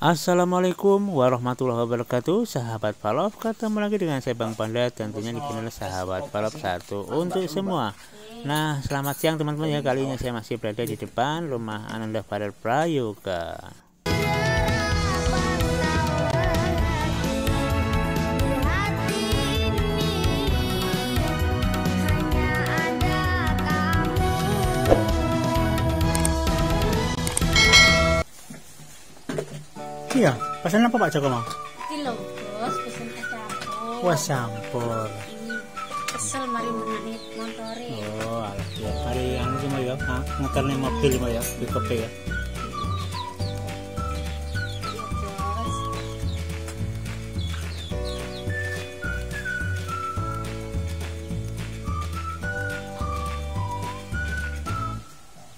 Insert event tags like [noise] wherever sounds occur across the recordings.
Assalamualaikum warahmatullahi wabarakatuh Sahabat Palop Ketemu lagi dengan saya Bang Panda Tentunya di channel Sahabat Palop 1 Untuk semua Nah selamat siang teman-teman ya Kali ini saya masih berada di depan rumah Ananda Fader Prayoga Iya, pesan apa Pak Joko mau? Iki lho, Bos, pesan kecapur. Wah, campur. Kesel mari menani motori. Oh, ya. Mari anu cuma ya, nih mobil mau ya, kopi ya.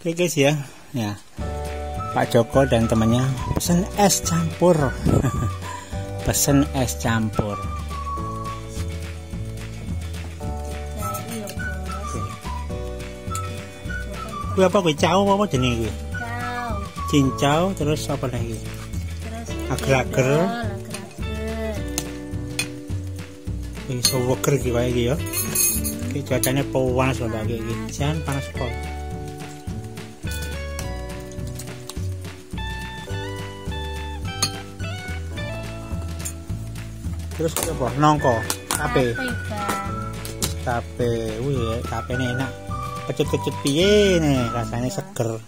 Oke okay guys ya, ya Pak Joko dan temannya pesen es campur [laughs] pesen es campur Kuwi apa kuwi cao apa jenis kuwi? Cincau terus apa lagi? agar-agar. Ini seweker iki wae ya. Ini cuacanya panas lho Mbak jangan panas kok. terus apa nongko tape tape wih tape ini enak kecut-kecut piye nih rasanya seger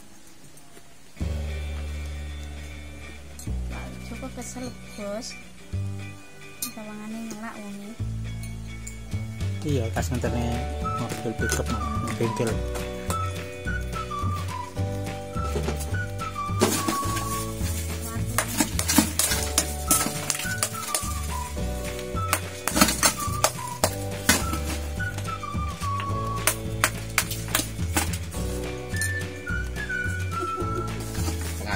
cukup kesel bos kawangannya nyelak wongi iya kas nih mobil pickup mobil bengkel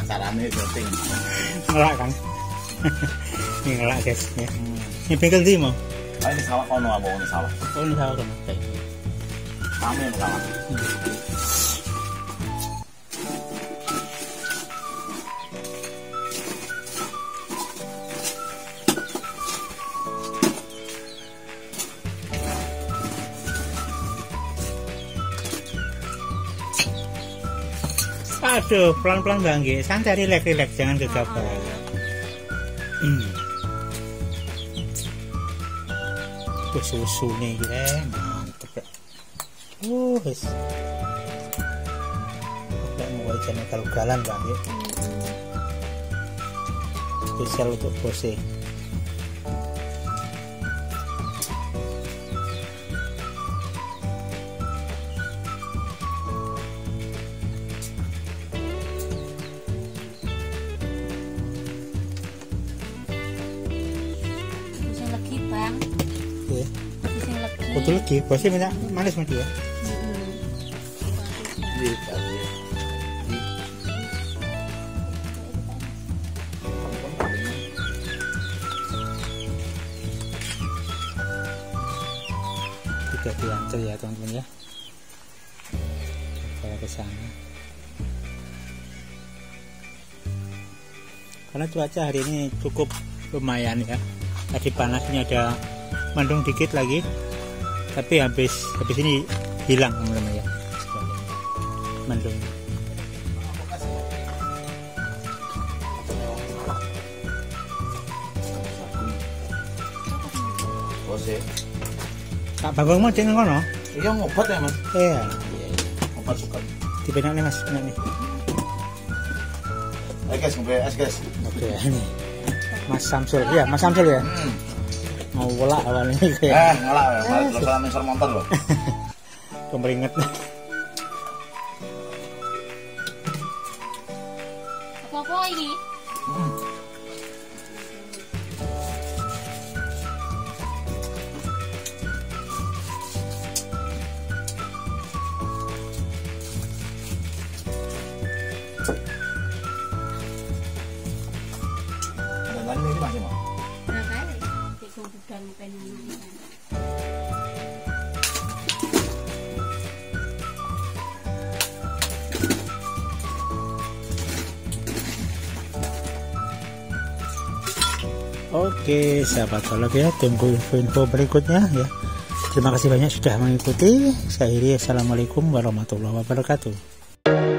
asalannya syuting ngelak kan ini ngelak guys ya ini pegang sih mau oh ini sawah oh no abang ini sawah oh ini sawah kan kami yang salah Aduh, pelan-pelan Mbak Santai, relax, relax, jangan gegabah. Iya. Hmm. Uh, susu nih, eh mantep. Uh, Wes. Nek mau kalau galan Mbak hmm. Spesial untuk bosnya. betul lagi Bosnya banyak manis mati ya tidak diantar ya teman-teman ya kalau ke sana karena cuaca hari ini cukup lumayan ya tadi panasnya ada mendung dikit lagi tapi habis habis ini hilang teman-teman ya Oke. Kak Bagong mau dengan kono? Iya ngobat ya mas. Iya. Ngobat suka. Di benak nih mas, benak nih. Ayo guys, es guys. Oke, ini Mas Samsul, ya Mas Samsul ya. Hmm mau bola awalnya eh ngelak ya eh, ah. kalau kalau mengsor motor loh [laughs] kemeringet apa apa ini hmm. Oke sahabat kolok ya tunggu info-info berikutnya ya terima kasih banyak sudah mengikuti saya akhiri assalamualaikum warahmatullahi wabarakatuh